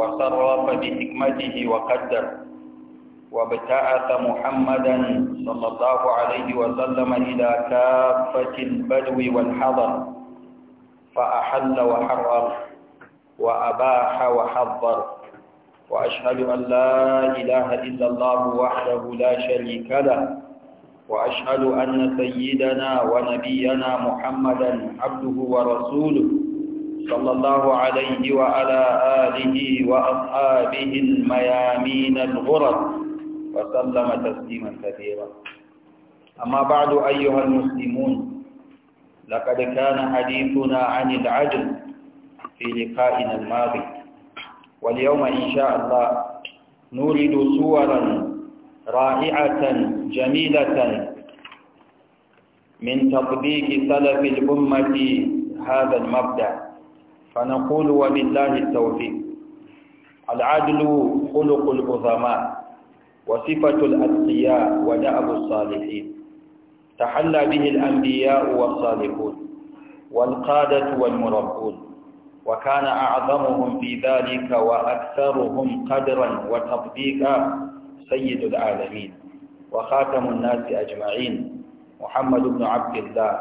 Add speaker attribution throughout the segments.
Speaker 1: وصرف بحكمته وقدر وابتعث محمدا صلى الله عليه وسلم إلى كافة البدو والحضر فأحل وحرم وأباح وحضر وأشهد أن لا إله إلا الله وحده لا شريك له وأشهد أن سيدنا ونبينا محمدا عبده ورسوله صلى الله عليه وعلى آله وأصحابه الميامين الغرر وسلم تسليما كثيرا أما بعد أيها المسلمون لقد كان حديثنا عن العجل في لقائنا الماضي واليوم إن شاء الله نورد صورا رائعة جميلة من تطبيق سلف الأمة هذا المبدأ فنقول وبالله التوفيق العدل خلق العظماء وصفة الأتقياء ودأب الصالحين تحلى به الأنبياء والصالحون والقادة والمربون وكان أعظمهم في ذلك وأكثرهم قدرا وتطبيقا سيد العالمين وخاتم الناس أجمعين محمد بن عبد الله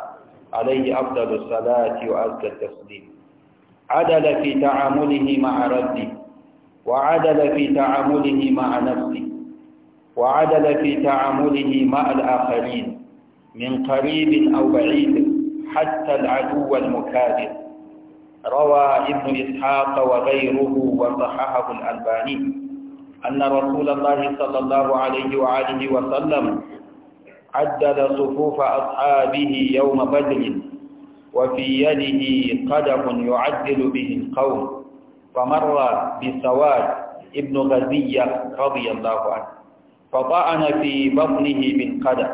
Speaker 1: عليه أفضل الصلاة وأزكى التسليم عدل في تعامله مع ربي وعدل في تعامله مع نفسي وعدل في تعامله مع الآخرين من قريب أو بعيد حتى العدو المكاذب روى ابن إسحاق وغيره وصححه الألباني أن رسول الله صلى الله عليه وآله وسلم عدل صفوف أصحابه يوم بدر وفي يده قدم يعدل به القوم فمر بسواد ابن غزية رضي الله عنه فطعن في بطنه بالقدم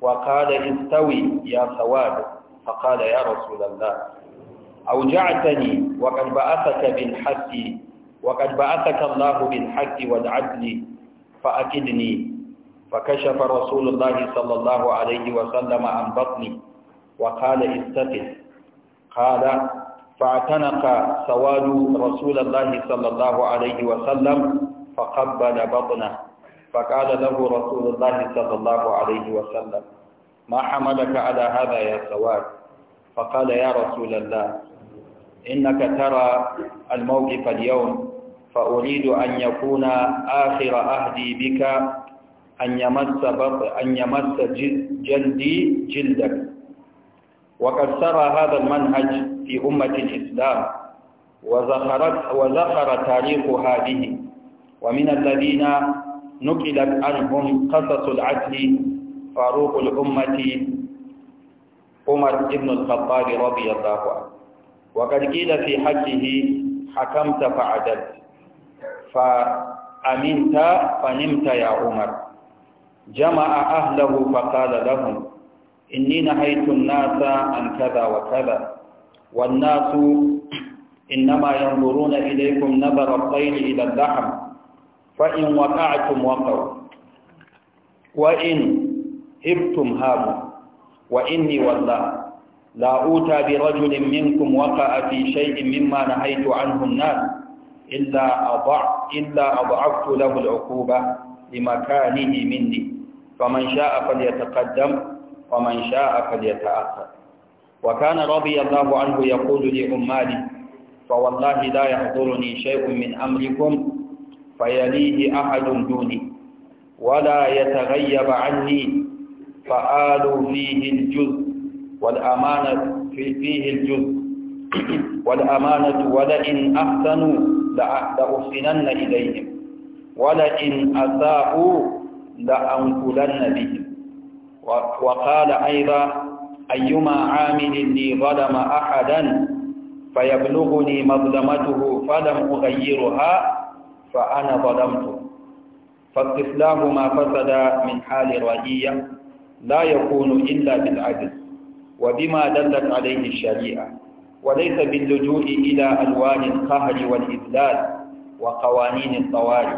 Speaker 1: وقال استوي يا سواد فقال يا رسول الله أوجعتني وقد بعثك بالحق وقد بعثك الله بالحق والعدل فأكدني فكشف رسول الله صلى الله عليه وسلم عن بطني وقال استقل قال فاعتنق سواد رسول الله صلى الله عليه وسلم فقبل بطنه فقال له رسول الله صلى الله عليه وسلم ما حملك على هذا يا سواد فقال يا رسول الله إنك ترى الموقف اليوم فأريد أن يكون آخر أهدي بك أن يمس, بط... أن يمس جلدي جلدك وقد سرى هذا المنهج في أمة الإسلام وزخرت وزخر تاريخ هذه ومن الذين نقلت عنهم قصص العدل فاروق الأمة عمر بن الخطاب رضي الله عنه وقد قيل في حقه حكمت فعدلت فأمنت فنمت يا عمر جمع أهله فقال لهم إني نهيت الناس عن كذا وكذا والناس إنما ينظرون إليكم نظر الطير إلى اللحم فإن وقعتم وقعوا وإن هبتم هاموا وإني والله لا أوتى برجل منكم وقع في شيء مما نهيت عنه الناس إلا أضع إلا أضعفت له العقوبة لمكانه مني فمن شاء فليتقدم ومن شاء فليتأخر وكان رضي الله عنه يقول لعماله فوالله لا يحضرني شيء من أمركم فيليه أحد دوني ولا يتغيب عني فآل فيه الجزء والأمانة في فيه الجزء والأمانة ولئن أحسنوا لأحسنن إليهم ولئن أساءوا لأنكلن بهم وقال أيضا أيما عامل لي ظلم أحدا فيبلغني مظلمته فلم أغيرها فأنا ظلمته فاستسلام ما فسد من حال الرعية لا يكون إلا بالعدل وبما دلت عليه الشريعة وليس باللجوء إلى ألوان القهر والإذلال وقوانين الطوارئ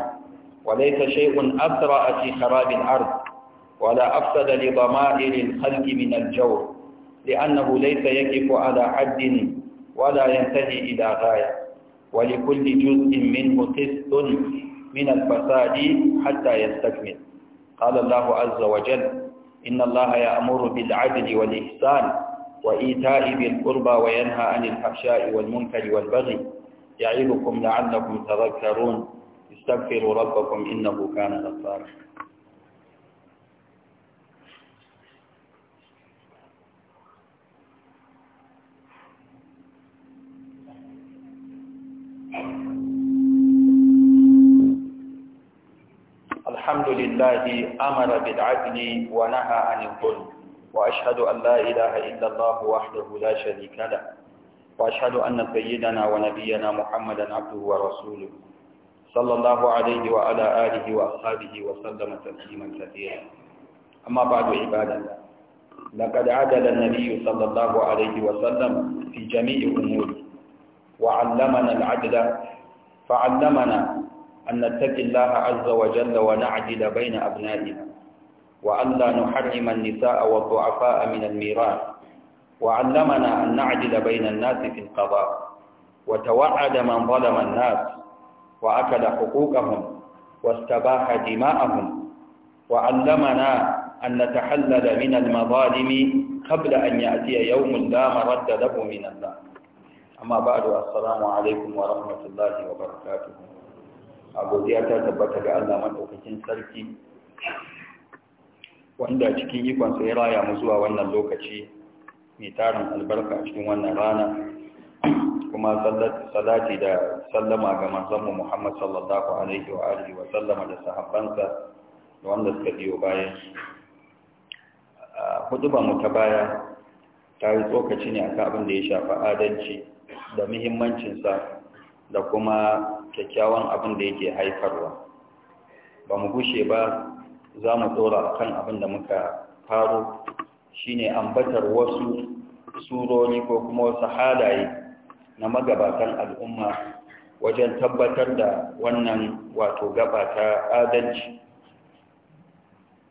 Speaker 1: وليس شيء أسرع في خراب الأرض ولا أفسد لضمائر الخلق من الجور لأنه ليس يقف على حد ولا ينتهي إلى غاية ولكل جزء منه قسط من الفساد حتى يستكمل قال الله عز وجل إن الله يأمر بالعدل والإحسان وإيتاء ذي القربى وينهى عن الفحشاء والمنكر والبغي يعظكم لعلكم تذكرون استغفروا ربكم إنه كان غفارا لله أمر بالعدل ونهى عن الظلم وأشهد أن لا إله إلا الله وحده لا شريك له وأشهد أن سيدنا ونبينا محمدا عبده ورسوله صلى الله عليه وعلى آله وأصحابه وسلم تسليما كثيرا أما بعد عباد الله لقد عدل النبي صلى الله عليه وسلم في جميع أموره وعلمنا العدل فعلمنا أن نتقي الله عز وجل ونعدل بين أبنائنا لا نحرم النساء والضعفاء من الميراث وعلمنا أن نعدل بين الناس في القضاء وتوعد من ظلم الناس وأكل حقوقهم واستباح دماءهم وعلمنا أن نتحلل من المظالم قبل أن يأتي يوم لا مرد له من الله أما بعد السلام عليكم ورحمة الله وبركاته a godiya ta tabbata ga Allah madaukakin sarki wanda cikin ikon ya raya mu zuwa wannan lokaci mai tarin albarka a cikin wannan rana kuma salati da sallama ga manzanmu Muhammad sallallahu alaihi wa alihi wa sallama da sahabbansa da wanda suka biyo bayan shi hudubar mu ta baya ta yi tsokaci ne akan abin da ya shafa adalci da muhimmancinsa da kuma kyakkyawan abin da yake haifarwa ba mu gushe ba za mu tsora kan abin da muka faro shine ambatar wasu surori ko kuma wasu halaye na magabatan al'umma wajen tabbatar da wannan wato gaba adalci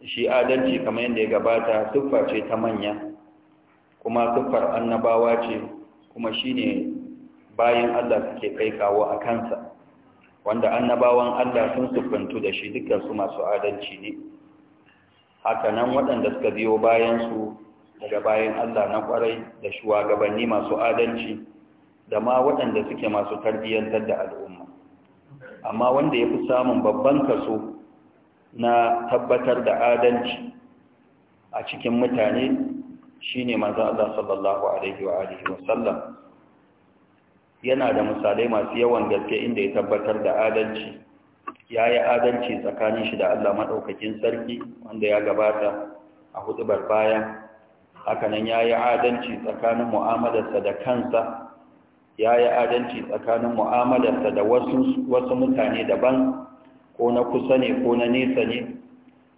Speaker 1: shi adalci kamar yadda ya gabata siffa ce ta manya kuma siffar annabawa ce kuma shine bayan Allah suke kai kawo a kansa wanda annabawan Allah sun sufantu da shi dukansu masu adalci ne hakanan waɗanda suka biyo bayan su daga bayan Allah na kwarai da shugabanni masu adalci da ma waɗanda suke masu tarbiyyantar da al'umma amma wanda ya fi samun babban kaso na tabbatar da adalci a cikin mutane shine manzo Allah sallallahu alaihi wa alihi wa sallam yana da misalai masu yawan gaske inda ya tabbatar da adalci ya yi adalci tsakanin shi da Allah maɗaukakin sarki wanda ya gabata a hudubar baya hakanan ya yi adalci tsakanin mu'amalarsa da kansa ya yi adalci tsakanin mu'amalarsa da wasu mutane daban ko na kusa ne ko na nesa ne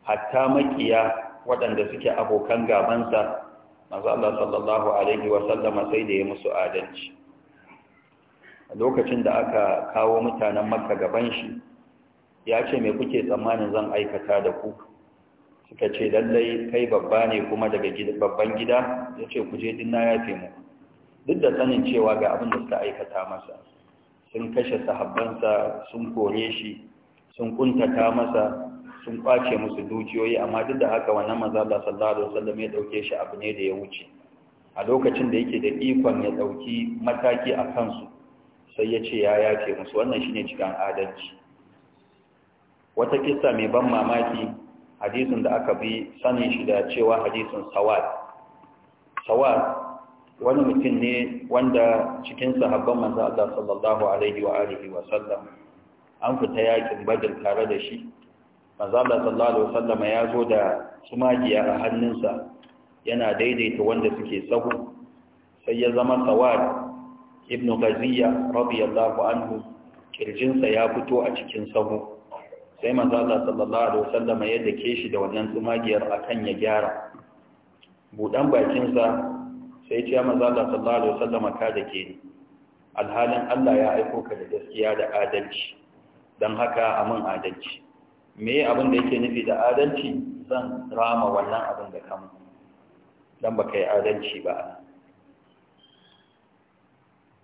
Speaker 1: hatta makiya waɗanda suke abokan gabansa masu Allah sallallahu Alaihi wasallama sai da ya musu adalci lokacin da aka kawo mutanen maka gaban shi ya ce me kuke tsammanin zan aikata da ku suka ce lallai kai babba ne kuma daga babban gida ya ce ku je na ya mu duk da sanin cewa ga abin da suka aikata masa sun kashe sahabbansa sun kore shi sun kuntata masa sun kwace musu dukiyoyi amma duk da haka wannan manzo Allah sallallahu alaihi wasallam ya dauke shi abu ne da ya wuce a lokacin da yake da ikon ya dauki mataki a kansu sai ya ce ya yace musu wannan shine cikin adalci wata kissa mai ban mamaki hadisin da aka bi sanin shi da cewa hadisin sawad sawad wani mutum ne wanda cikin sahabban manzo Allah sallallahu alaihi wa alihi wa sallam an fita yakin badr tare da shi manzo Allah sallallahu alaihi wa sallam ya zo da sumajiya a hannunsa yana daidaita wanda suke sahu sai ya zama sawad ibn gaziya radiyallahu anhu kirjinsa ya fito a cikin sahu sai manzala sallallahu alaihi wasallam ya dake shi da wannan tsumagiyar akan ya gyara budan bakinsa sai ce manzala sallallahu alaihi wasallam ka dake ni alhalin Allah ya aiko ka da gaskiya da adalci don haka amin adalci me abin da yake nufi da adalci zan rama wannan abin da kama don baka yi adalci ba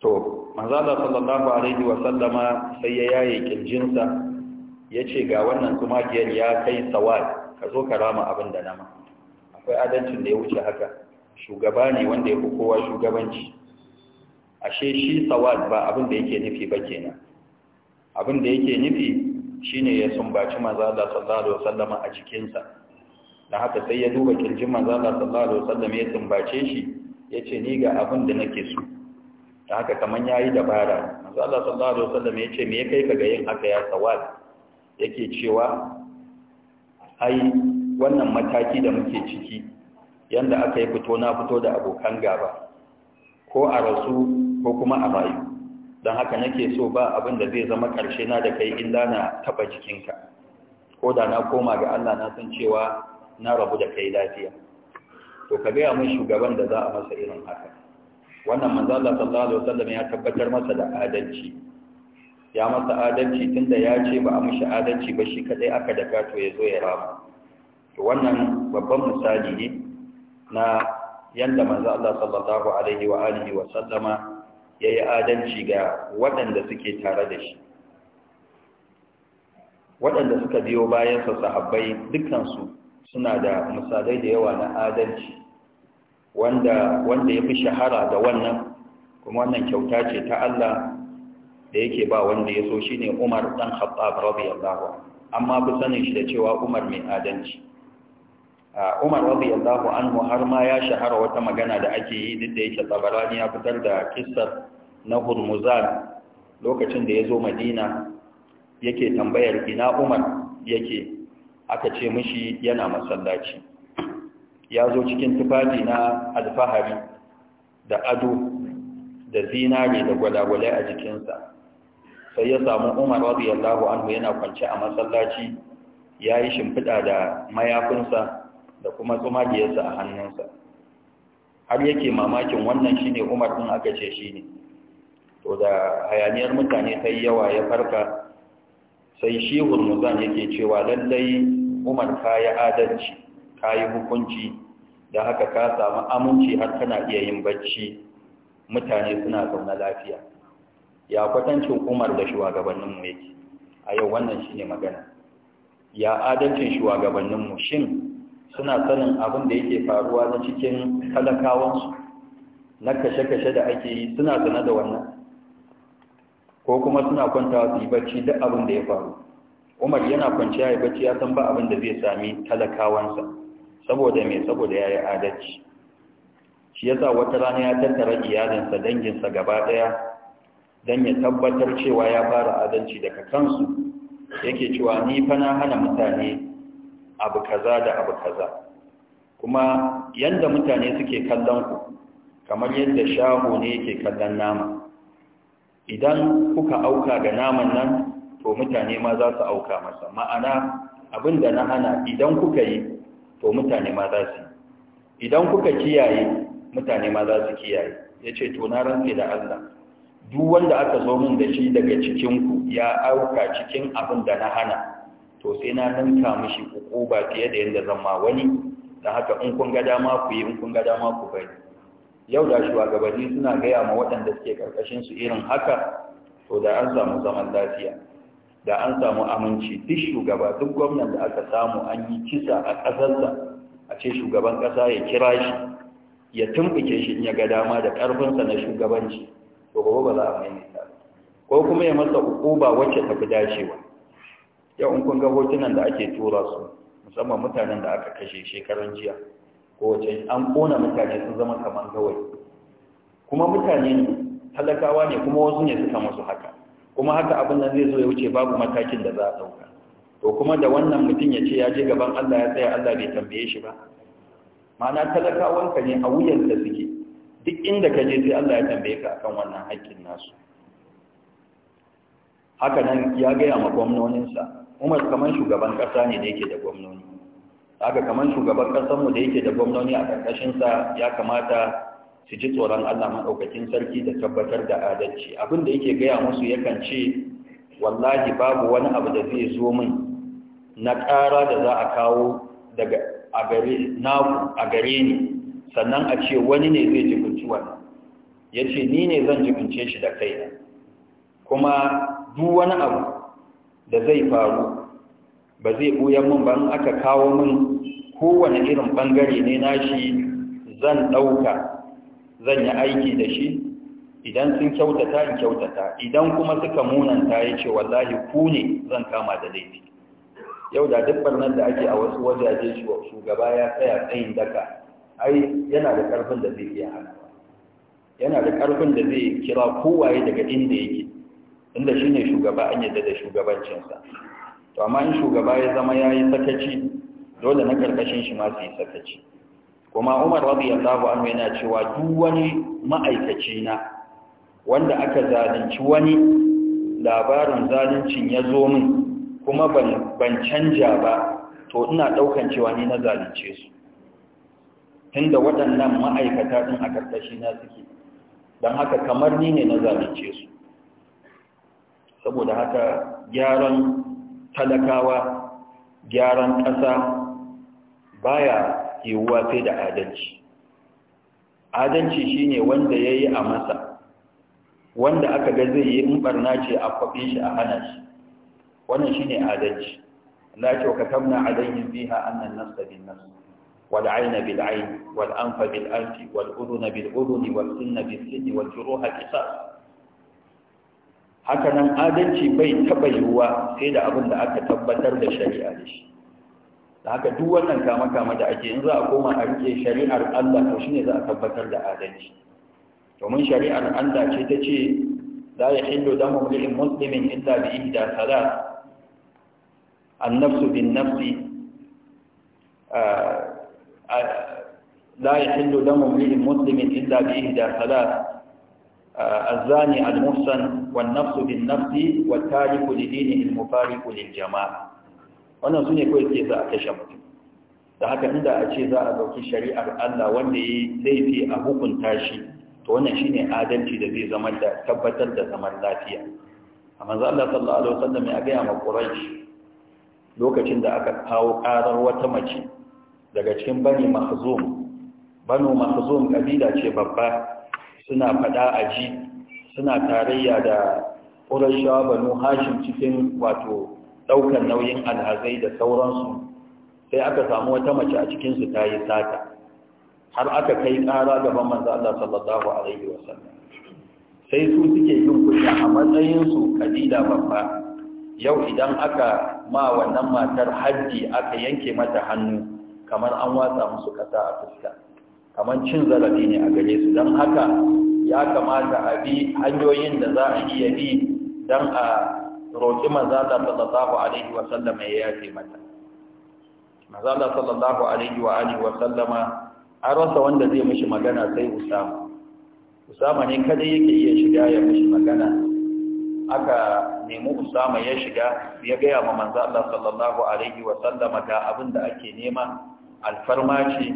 Speaker 1: to manzala sallallahu alaihi wa sallama sai ya yaye kirjinsa yace ga wannan tumagiyar ya kai sawad ka zo ka rama abin da nama akwai adalcin da ya wuce haka shugaba ne wanda ya fi kowa shugabanci ashe shi sawad ba abin da yake nufi ba kenan abin da yake nufi shine ya sumbaci manzala sallallahu alaihi wa sallama a jikinsa da haka sai ya duba kirjin manzala sallallahu alaihi wa sallama ya sumbace shi yace ni ga abin da nake so da haka kaman yayi dabara manzo Allah sallallahu alaihi wasallam yace me kai ka ga yin haka ya sawal yake cewa ai wannan mataki da muke ciki yanda aka yi fito na fito da abokan gaba ko a rasu ko kuma a bayu don haka nake so ba abin da zai zama karshe na da kai illa na taba jikinka ko da na koma ga Allah na san cewa na rabu da kai lafiya to ka gaya mun shugaban da za a masa irin haka wannan manzo Allah sallallahu alaihi wasallam ya tabbatar masa da adalci ya masa adalci tunda ya ce ba a mishi adalci ba shi kadai aka daka to ya zo ya rama to wannan babban misali ne na yanda manzo Allah sallallahu alaihi wa alihi wasallama yayi adalci ga waɗanda suke tare da shi waɗanda suka biyo bayan sa sahabbai dukkan su suna da misalai da yawa na adalci wanda wanda ya fi shahara da wannan kuma wannan kyauta ce ta Allah da yake ba wanda ya so shine Umar dan Khattab radiyallahu amma fi sanin shi da cewa Umar mai adanci Umar radiyallahu anhu har ma ya shahara wata magana da ake yi duk da yake Tabarani ya fitar da kissar na Hurmuzan lokacin da ya zo Madina yake tambayar ina Umar yake aka ce mishi yana masallaci ya zo cikin tufafi na alfahari da ado da zinare da gwalagwalai a jikinsa sai ya samu umar radiyallahu anhu yana kwance a masallaci ya yi shimfiɗa da mayafinsa da kuma tsumagiyarsa a hannunsa har yake mamakin wannan shine umar ɗin aka ce shi ne to da hayaniyar mutane ta yi yawa ya farka sai shi hulmuzan yake cewa lallai umar yi adalci ka yi hukunci da haka ka samu aminci har kana iya yin bacci mutane suna zaune lafiya ya kwatancin umar da shugabanninmu yake a yau wannan shi ne magana ya adalcin shugabanninmu shin suna sanin abin da yake faruwa na cikin talakawansu na kashe-kashe da ake yi suna sane da wannan ko kuma suna kwantawa su yi bacci duk abin da ya faru umar yana kwanciya ya bacci ya san ba abin da zai sami talakawansa saboda mai saboda ya yi adalci shi yasa wata rana ya tattara iyalinsa danginsa gaba ɗaya don ya tabbatar cewa ya fara adalci daga kansu yake cewa ni fa na hana mutane abu kaza da abu kaza kuma yadda mutane suke kallon ku kamar yadda shaho ne yake kallon nama idan kuka auka ga naman nan to mutane ma za su auka masa ma'ana abinda na hana idan kuka yi to mutane ma za su idan kuka kiyaye mutane ma za su kiyaye ya ce to na rantse da Allah duk wanda aka zo min da shi daga cikinku ya auka cikin abin da na hana to sai na ninka mishi ba fiye da yadda zan ma wani da haka in kun ga dama ku yi in kun ga dama ku bari yau da shugabanni suna gaya ma waɗanda suke karkashin irin haka to da an samu zaman lafiya da an samu aminci duk shugaba duk gwamnan da aka samu an yi kisa a ƙasarsa a ce shugaban ƙasa ya kira shi ya tumɓuke shi in ya ga dama da ƙarfinsa na shugabanci to gobe ba za a nisa ko kuma ya masa hukuma wacce ta fi dacewa yau in kun ga hotunan da ake tura su musamman mutanen da aka kashe shekaran jiya ko wace an kona mutane sun zama kamar gawayi kuma mutane ne talakawa ne kuma wasu ne suka musu haka kuma haka abin nan zai zo ya wuce babu matakin da za a dauka to kuma da wannan mutum ya ce ya je gaban Allah ya tsaya Allah bai tambaye shi ba ma'ana talakawanka ne a wuyan wuyansa suke duk inda ka je sai Allah ya tambaye ka akan wannan haƙƙin nasu haka nan ya gaya ma gwamnoninsa umar kamar shugaban ƙasa ne da yake da gwamnoni haka kamar shugaban ƙasanmu da yake da gwamnoni a ƙarƙashinsa ya kamata su ji tsoron Allah maɗaukakin sarki da tabbatar da adalci abin da yake gaya musu yakan ce wallahi babu wani abu da zai zo min na ƙara da za a kawo daga a gare ni sannan a ce wani ne zai jibinci wannan ya ce ni ne zan jibince shi da kai kuma duk wani abu da zai faru ba zai ɓuyan min ba aka kawo min kowane irin ɓangare ne na shi zan ɗauka zan yi aiki da shi idan sun kyautata in kyautata idan kuma suka munanta ya ce wallahi ku ne zan kama da laifi yau da duk barnar da ake a wasu wajaje shugaba ya tsaya tsayin daka ai yana da ƙarfin da zai iya hana yana da ƙarfin da zai kira kowaye daga inda yake inda shi ne shugaba an yadda da shugabancinsa to amma in shugaba ya zama ya yi sakaci dole na ƙarƙashin shi ma su yi sakaci kuma umar radiyallahu anhu yana cewa duk wani ma'aikaci na wanda aka zalunci wani labarin zaluncin ya zo min kuma ban canja ba to ina daukan cewa ni na zalunce su tunda waɗannan ma'aikata ɗin a karkashi na suke don haka kamar ni ne na zalunce su saboda haka gyaran talakawa gyaran ƙasa baya yiwuwa sai da adalci adalci shine wanda ya yi a masa wanda aka ga zai yi in barna ce a kwaɓe shi a hana shi wannan shine adalci Na ya ce wa katabna alayhim fiha annan nafsa bin nafs wal ayna bil ayn wal anfa bil anfi wal udhuna bil udhuni wal sinna bil sinni wal juruha qisas haka nan adalci bai taɓa yiwuwa sai da abin da aka tabbatar da shari'a da shi da haka duk wannan kama kama da ake in za a koma a rike shari'ar Allah to shine za a tabbatar da adalci domin shari'ar Allah ce ta ce la yahillu damu lil muslimin inda bi ihda sala an-nafsu bin-nafsi لا يحل دم امرئ مسلم الا باحدى ثلاث الزاني المحسن والنفس بالنفس والتارك لدينه المفارق للجماعه wannan su ne kawai ke za a kashe mutum da haka inda a ce za a ɗauki shari'ar Allah wanda ya yi laifi a hukunta shi to wannan shi ne adalci da zai zama da tabbatar da zaman lafiya a manzo Allah sallallahu alaihi wasallam ya gaya ma Quraysh lokacin da aka kawo karar wata mace daga cikin bani mahzum banu mahzum kabila ce babba suna fada ji suna tarayya da Qurayshawa banu Hashim cikin wato ɗaukar nauyin alhazai da sauransu sai aka samu wata mace a cikinsu ta yi sata har aka kai ƙara gaban manzo Allah sallallahu alaihi sallam sai su suke yin kunya a matsayinsu kadida babba yau idan aka ma wannan matar haddi aka yanke mata hannu kamar an watsa musu kasa a fuska kamar cin zarafi ne a gare su don haka ya kamata a bi hanyoyin da za a iya bi dan a roƙi manzo Allah sallallahu alaihi wa sallama ya yafe mata manzo Allah sallallahu alaihi wa alihi wa sallama an rasa wanda zai mishi magana sai Usama Usama ne kada yake iya shiga ya mishi magana aka nemi Usama ya shiga ya ga ma manzo Allah sallallahu alaihi wa sallama ga abin da ake nema alfarmaci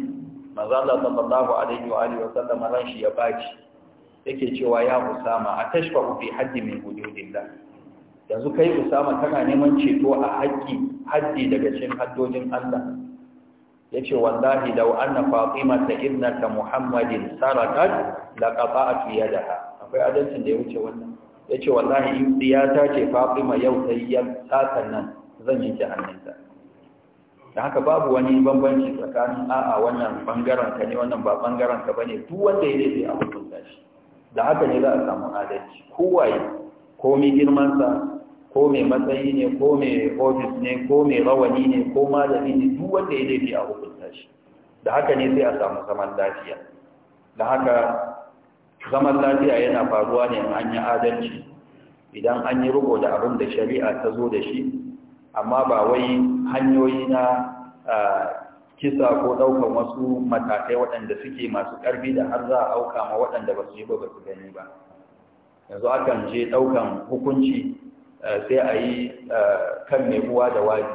Speaker 1: manzo Allah sallallahu alaihi wa alihi wa sallama ran shi ya baci yake cewa ya Usama atashfa fi haddi min hududillah yanzu kai usama tana neman ceto a haƙƙi haddi daga cikin haddojin Allah yace wallahi law anna fatima ta ta muhammadin sarakat da yadaha akwai adalcin da ya wuce wannan yace wallahi in diyata ce fatima yau sai ya satan nan zan yi hannunta da haka babu wani bambanci tsakanin a'a wannan bangaren ka ne wannan ba bangaren ka bane duk wanda ya laifi a hukunta shi da haka ne za a samu adalci kowaye komi girmansa ko mai matsayi ne ko mai ofis ne ko mai rawani ne ko malami ne duk wanda ya daidai a hukunta shi da haka ne sai a samu zaman lafiya da haka zaman lafiya yana faruwa ne an yi adalci idan an yi riko da abin da shari'a ta zo da shi amma ba wai hanyoyi na kisa ko ɗaukar wasu matakai waɗanda suke masu ƙarfi da har za a auka ma waɗanda ba su yi ba ba su gani ba yanzu akan je ɗaukan hukunci Eh, sai a yi eh, kan mai uwa da waje.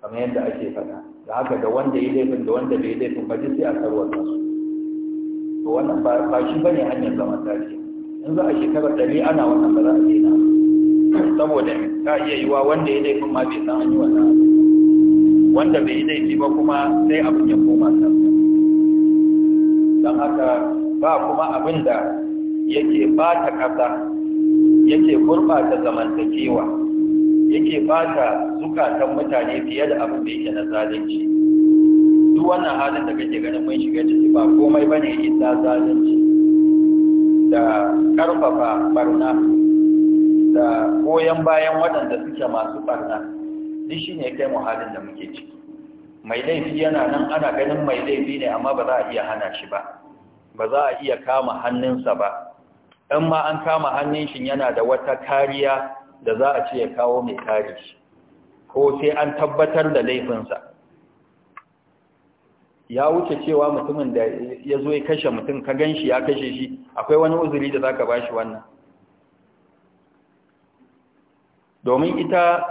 Speaker 1: kamar yadda ake faɗa da haka da wanda ya laifin da wanda bai laifin ba sai a tarwata su to wannan ba shi ba ne hanyar zama tashi in za a shekarar ɗari ana wannan ba za a daina saboda ka iya yiwa wanda ya laifin ma bai san an yi wannan wanda bai yi laifi ba kuma sai abin ya koma kan don haka ba kuma abin da yake ba ta ƙasa yake gurɓata zamantakewa yake bata zukatan mutane fiye da abin da yake na zalunci duk wannan halin da kake ganin mun shiga ciki ba komai bane illa zalunci da karfafa barna da goyon bayan waɗanda suke masu barna duk shine kai mu halin da muke ciki mai laifi yana nan ana ganin mai laifi ne amma ba za a iya hana shi ba ba za a iya kama hannunsa ba in ma an kama hannun shi yana da wata kariya da za a ce ya kawo mai kare shi ko sai an tabbatar da laifinsa ya wuce cewa mutumin da ya zo ya kashe mutum ka gan shi ya kashe shi akwai wani uzuri da za ka ba shi wannan domin ita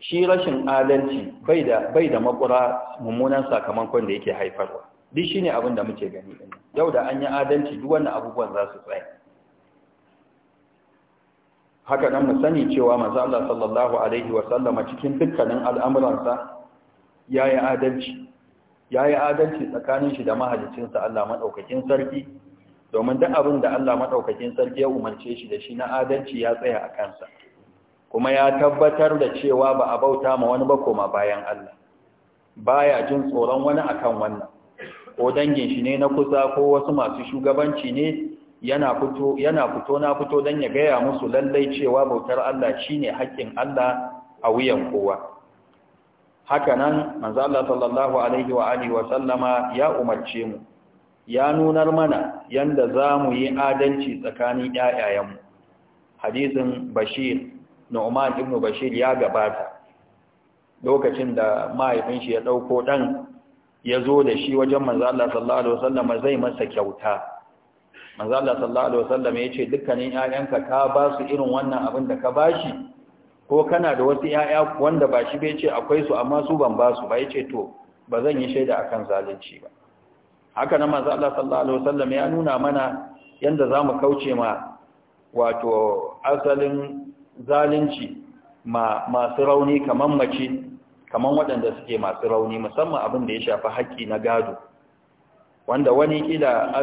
Speaker 1: shi rashin adalci bai da makura mummunan sakamakon da yake haifarwa duk shi ne abin da muke gani yau da an yi adalci duk wannan abubuwan za su tsaye haka nan mu sani cewa manzo Allah sallallahu alaihi wa sallama cikin dukkanin al'amuransa yayi adalci yayi adalci tsakanin shi da mahalicinsa Allah madaukakin sarki domin duk abin da Allah madaukakin sarki ya umarce shi da shi na adalci ya tsaya a kansa kuma ya tabbatar da cewa ba a bauta ma wani ba koma bayan Allah baya jin tsoron wani akan wannan ko dangin shi ne na kusa ko wasu masu shugabanci ne yana fito yana fito na fito dan ya gaya musu lallai cewa bautar Allah shine haƙin Allah a wuyan kowa hakanan manzo Allah sallallahu alaihi wa alihi wa sallama ya umarce mu ya nunar mana yanda zamu yi adalci tsakanin mu hadisin Bashir Nu'man ibn Bashir ya gabata lokacin da mahaifin shi ya dauko dan ya zo da shi wajen manzo Allah sallallahu alaihi wa sallama zai masa kyauta manzo Allah sallallahu alaihi wasallam yace dukkanin ƴaƴanka ka ba su irin wannan abin da ka shi ko kana da wasu ƴaƴa wanda ba shi bai akwai su amma su ban ba su ba yace to ba zan yi shaida akan zalunci ba haka nan manzo Allah sallallahu alaihi wasallam ya nuna mana yanda zamu kauce ma wato asalin zalunci ma masu rauni kaman mace kaman waɗanda suke masu rauni musamman abin da ya shafi haƙƙi na gado wanda wani kila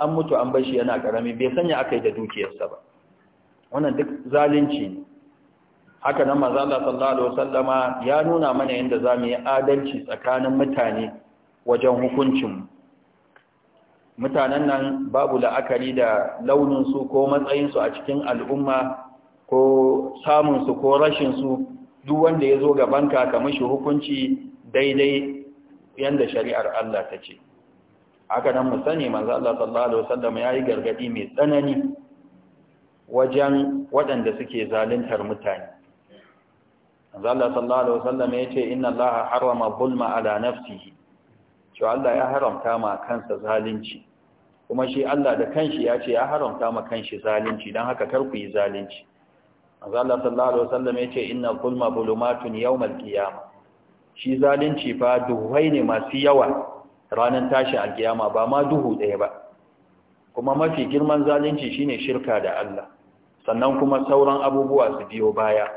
Speaker 1: an mutu an bashi yana karami bai sanya aka yi da dukiyarsa ba wannan duk zalunci ne haka nan maza Allah sallallahu alaihi wasallama ya nuna mana yanda za mu yi adalci tsakanin mutane wajen hukuncin mutanen nan babu la'akari da launinsu ko matsayinsu a cikin al'umma ko samunsu ko rashinsu duk wanda ya zo gabanka ka mashi hukunci daidai yanda shari'ar Allah ta ce haka nan mu sani manzo Allah sallallahu alaihi wasallam yayi gargadi mai tsanani wajen waɗanda suke zaluntar mutane manzo Allah sallallahu alaihi wasallam yace inna Allah harrama zulma ala nafsihi to Allah ya haramta ma kansa zalunci kuma shi Allah da kanshi ya ce ya haramta ma kanshi zalunci don haka kar ku yi zalunci manzo Allah sallallahu alaihi wasallam yace inna zulma bulumatun yawmal qiyamah shi zalunci fa duhai ne masu yawa ranar tashi alkiyama ba ma duhu ɗaya ba kuma mafi girman zalunci shine shirka da Allah sannan kuma sauran abubuwa su biyo baya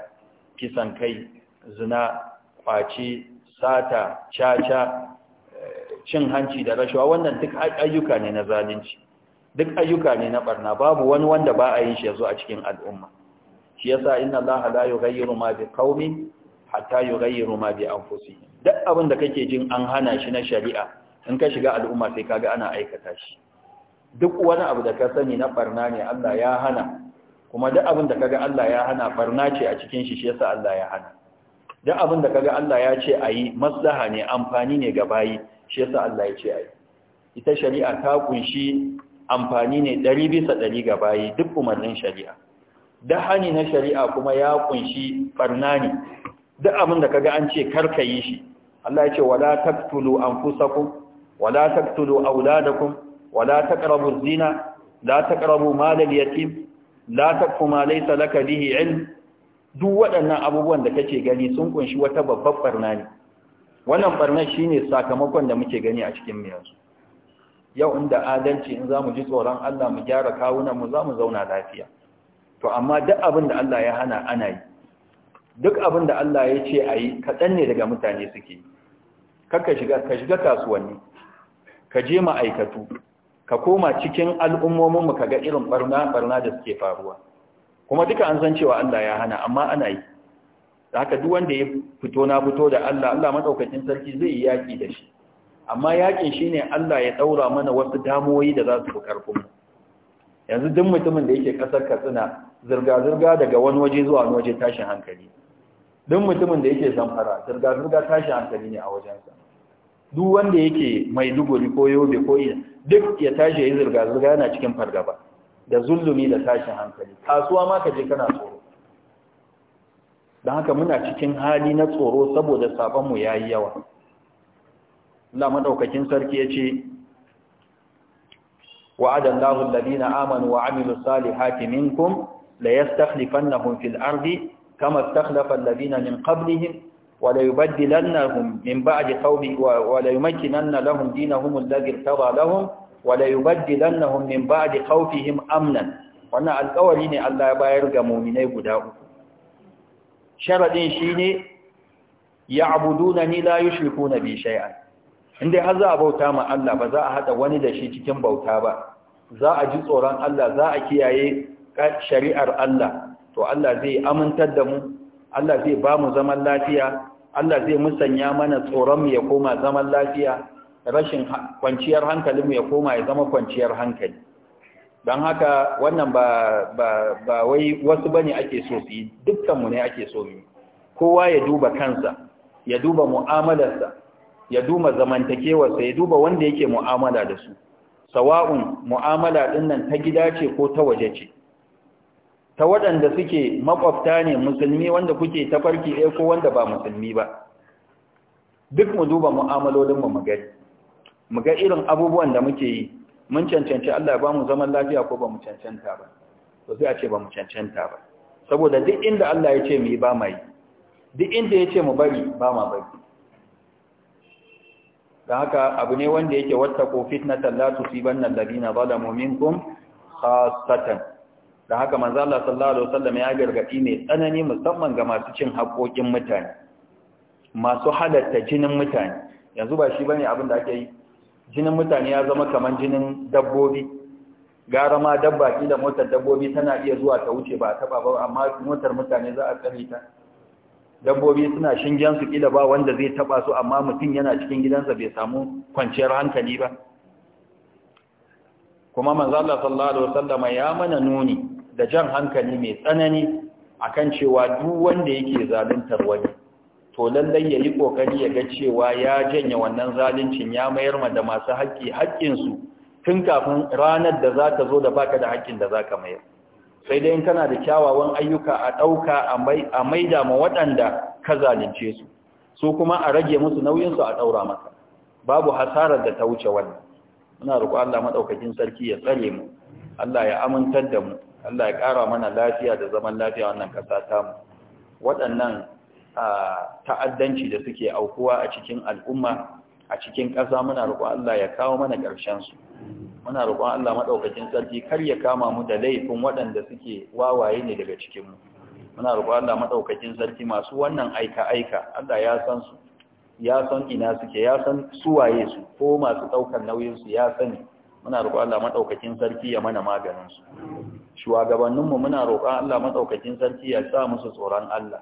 Speaker 1: kisan kai zina kwaci sata caca eh, cin hanci da rashawa wannan duk ayyuka ne na zalunci duk ayyuka ne na barna babu wani wanda ba a yin shi yazo a cikin al'umma shi yasa inna allaha la yughayyiru ma bi hatta yughayyiru ma bi anfusihim duk abin da kake jin an hana shi na shari'a in ka shiga al'umma sai kaga ana aikata shi duk wani abu da ka sani na barna ne Allah ya hana kuma duk abin da kaga Allah ya hana barna ce a cikin shi shi yasa Allah ya hana duk abin da kaga Allah ya ce ayi maslaha ne amfani ne ga bayi shi yasa Allah ya ce ayi ita shari'a ta kunshi amfani ne 100 bisa 100 ga bayi duk umarnin shari'a da hani na shari'a kuma ya kunshi barna ne duk abin da kaga an ce karka yi shi Allah ya ce wala taqtulu anfusakum wala taqtulu auladakum wala taqrabu az-zina la taqrabu mal al-yatim la taqfu ma laysa laka duk waɗannan abubuwan da kake gani sun kunshi wata babbar barna ne wannan ɓarnar shine sakamakon da muke gani a cikin mu yanzu yau inda adalci in zamu ji tsoron Allah mu gyara kawunan mu zamu zauna lafiya to amma duk abin da Allah ya hana ana yi duk abin da Allah ya ce a yi kaɗan ne daga mutane suke kakka shiga ka shiga kasuwanni ka je ma'aikatu ka koma cikin al'ummominmu ka ga irin barna-barna da suke faruwa kuma duka an san cewa Allah ya hana amma ana yi da haka duk wanda ya fito na fito da Allah Allah maɗaukacin sarki zai yi yaki da shi amma yakin shine Allah ya daura mana wasu damuwoyi da za su fi karfin yanzu duk mutumin da yake kasar Katsina zirga zirga daga wani waje zuwa wani waje tashin hankali duk mutumin da yake Zamfara zirga zirga tashin hankali ne a wajensa duk wanda yake mai duguri ko yobe ko iya duk ya tashi ya zirga-zirga yana cikin fargaba da zulumi da tashin hankali kasuwa ma ka kana tsoro don haka muna cikin hali na tsoro saboda sabonmu ya yi yawa Allah madaukakin sarki ya ce wa'adan lahun amanu wa amilu salihati minkum la yastakhlifannahum fil arzi, kama istakhlafa alladhina min qablihim ولا يبدلنهم من بعد خوفهم ولا يمكنن لهم دينهم الذي ارتضى لهم ولا من بعد خوفهم امنا wannan alƙawari ne Allah ya bayar ga mu'minai guda uku sharadin shine ya'budunani la yushrikuna bi shay'an indai har za a bauta ma Allah ba za a hada wani da shi cikin bauta ba za a ji tsoron Allah za a kiyaye shari'ar Allah to Allah zai amintar da mu Allah zai ba mu zaman lafiya Allah zai musanya mana tsoron mu ya koma zaman lafiya rashin kwanciyar hankalinmu mu ya koma ya zama kwanciyar hankali don haka wannan ba ba ba wai wasu bane ake so su yi dukkan mu ne ake so mu kowa ya duba kansa ya duba mu'amalarsa ya duba zamantakewarsa ya duba wanda yake mu'amala da su sawa'un mu'amala ɗin nan ta gida ce ko ta waje ce ta waɗanda suke makwabta ne musulmi wanda kuke tafarki ɗaya ko wanda ba musulmi ba duk mu duba mu'amalolinmu mu gari, mu ga irin abubuwan da muke yi mun cancanci Allah ba mu zaman lafiya ko ba mu cancanta ba to sai a ce ba mu cancanta ba saboda duk inda Allah ya ce mu yi ba ma yi duk inda ya ce mu bari ba ma bari da haka abu ne wanda yake wata ko fitnatan la tusibanna alladhina zalamu minkum khassatan da haka manzo Allah sallallahu alaihi wasallam ya gargadi ne tsanani musamman ga masu cin haƙoƙin mutane masu halatta jinin mutane yanzu ba shi bane abin da ake yi jinin mutane ya zama kaman jinin dabbobi gara ma dabba da motar dabbobi tana iya zuwa ta wuce ba ta ba amma motar mutane za a tsare ta dabbobi suna shingen su kila ba wanda zai taba su amma mutum yana cikin gidansa bai samu kwanciyar hankali ba kuma manzo Allah sallallahu alaihi wasallam ya mana nuni da jan hankali mai tsanani a kan cewa duk wanda yake zaluntar wani to lallai ya yi kokari ya ga cewa ya janye wannan zaluncin ya mayar ma da masu haƙƙi haƙƙinsu tun kafin ranar da za ta zo da baka da haƙƙin da za ka mayar sai dai in kana da kyawawan ayyuka a ɗauka a maida ma waɗanda ka zalunce su su kuma a rage musu nauyinsu a ɗaura masa. babu hasarar da ta wuce wannan muna roƙo Allah madaukakin sarki ya tsare mu Allah ya amintar da mu Allah ya ƙara mana lafiya da zaman lafiya wannan ƙasa mu. waɗannan ta'addanci da suke aukuwa a cikin al'umma a cikin ƙasa muna roƙon Allah ya kawo mana ƙarshen su muna roƙon Allah madaukakin sarki kar ya kama mu da laifin waɗanda suke wawaye ne daga cikin mu muna roƙon Allah madaukakin sarki masu wannan aika aika Allah ya san su ya san ina suke ya san suwaye su ko masu ɗaukar nauyinsu su ya sani muna roƙon Allah madaukakin sarki ya mana maganin su shugabannin mu muna roƙon Allah madaukakin sarki ya sa musu tsoron Allah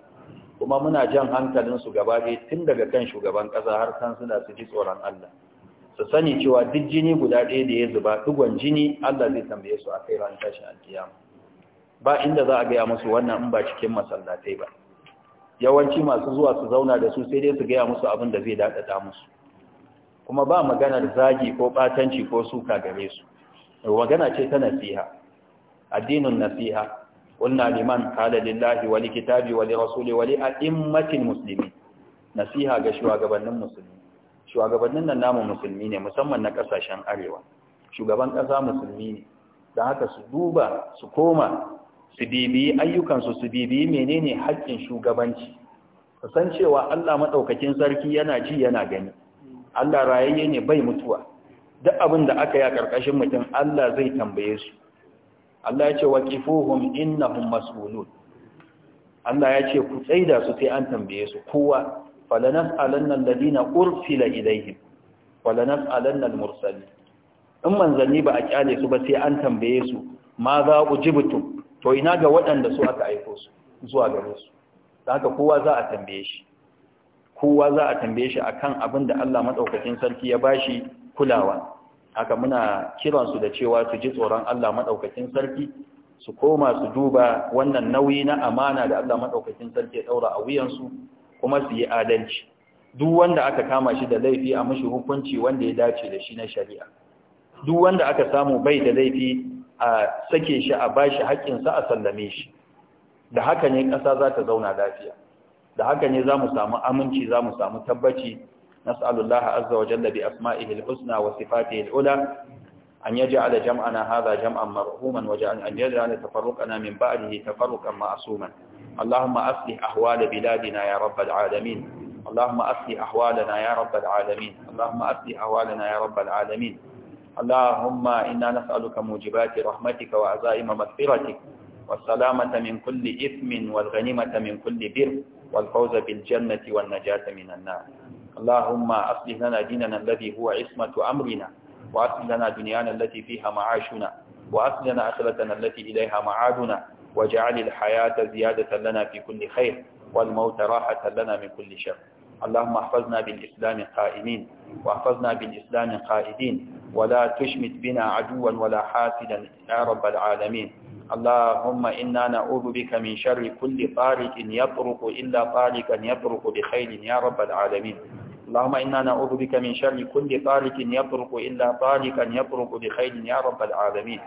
Speaker 1: kuma muna jan hankalin su gaba ɗaya tun daga kan shugaban ƙasa har kan suna su ji tsoron Allah su sani cewa duk jini guda ɗaya da ya zuba digon jini Allah zai tambaye su a kai ran tashin alkiyama ba inda za a gaya musu wannan in ba cikin masallatai ba yawanci masu zuwa su zauna da su sai dai su gaya musu abin da zai daɗaɗa musu kuma ba maganar zagi ko batanci ko suka gare su magana ce ta nasiha addinin nasiha qulna liman qala lillahi wa likitabi wa lirasuli wa li'immatil muslimin nasiha ga shugabannin musulmi shugabannin nan namu musulmi ne musamman na kasashen arewa shugaban kasa musulmi ne dan haka su duba su koma su bibiyi ayyukansu su bibiyi menene haƙƙin shugabanci san cewa Allah madaukakin sarki yana ji yana gani Allah rayayye ne bai mutuwa duk abin da aka yi a ƙarƙashin mutum Allah zai tambaye su Allah ya ce wa kifuhum innahum mas'ulun Allah ya ce ku tsaida su sai an tambaye su kowa alanna alladina ursila ilaihim alanna mursali. in manzanni ba a kyale su ba sai an tambaye su ma za ku jibtum to ina ga waɗanda su aka aiko su zuwa gare su haka kowa za a tambaye shi kowa za a tambaye shi akan abin da Allah madaukakin sarki ya bashi kulawa haka muna kiransu da cewa su ji tsoron Allah madaukakin sarki su koma su duba wannan nauyi na amana da Allah madaukakin sarki ya daura a wuyansu kuma su yi adalci duk wanda aka kama shi da laifi a mashi hukunci wanda ya dace da shi na shari'a duk wanda aka samu bai da laifi a sake shi a bashi haƙƙinsa a sallame shi da haka ne ƙasa za ta zauna lafiya da haka ne za mu samu aminci za mu samu tabbaci nas'alullah azza wa jalla bi asma'ihi al-husna wa sifatihi al-ula an yaj'ala jam'ana hadha jam'an marhuman wa ja'al an yaj'ala tafarruqana min ba'dihi tafarruqan ma'suman اللهم أصلح أحوال بلادنا يا رب العالمين اللهم أصلح أحوالنا يا رب العالمين اللهم أصلح أحوالنا يا رب العالمين اللهم إنا نسألك موجبات رحمتك وعزائم مغفرتك والسلامة من كل إثم والغنيمة من كل بر والفوز بالجنة والنجاة من النار اللهم أصلح لنا ديننا الذي هو عصمة أمرنا وأصلح لنا دنيانا التي فيها معاشنا وأصلح لنا آخرتنا التي إليها معادنا واجعل الحياة زيادة لنا في كل خير والموت راحة لنا من كل شر اللهم احفظنا بالإسلام قائمين واحفظنا بالإسلام قائدين ولا تشمت بنا عدوا ولا حاسدا يا رب العالمين اللهم إنا نعوذ بك من شر كل طارق يطرق إلا طارقا يطرق بخير يا رب العالمين اللهم إنا نعوذ بك من شر كل طارق يطرق إلا طارقا يطرق بخير يا رب العالمين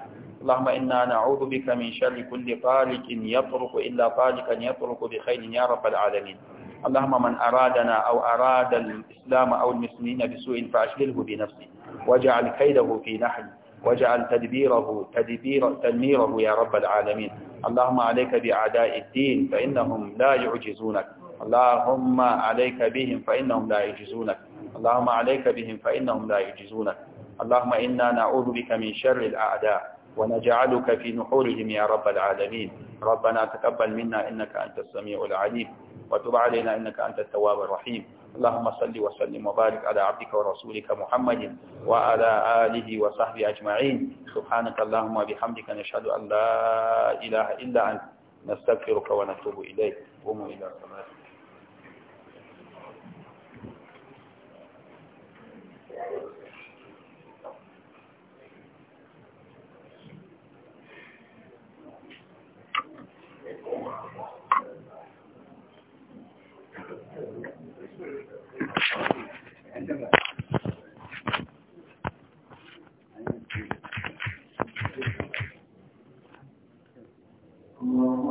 Speaker 1: اللهم إنا نعوذ بك من شر كل طارق يطرق إلا طارقا يطرق بخير يا رب العالمين اللهم من أرادنا أو أراد الإسلام أو المسلمين بسوء فأشغله بنفسه واجعل كيده في نحره واجعل تدبيره تدبير تدميره يا رب العالمين اللهم عليك بأعداء الدين فإنهم لا يعجزونك اللهم عليك بهم فإنهم لا يعجزونك اللهم عليك بهم فإنهم لا يعجزونك اللهم إنا نعوذ بك من شر الأعداء ونجعلك في نحورهم يا رب العالمين ربنا تقبل منا إنك أنت السميع العليم وتب علينا إنك أنت التواب الرحيم اللهم صل وسلم وبارك على عبدك ورسولك محمد وعلى آله وصحبه أجمعين سبحانك اللهم وبحمدك نشهد أن لا إله إلا أنت نستغفرك ونتوب إليك قوموا إلى صلاتك Allah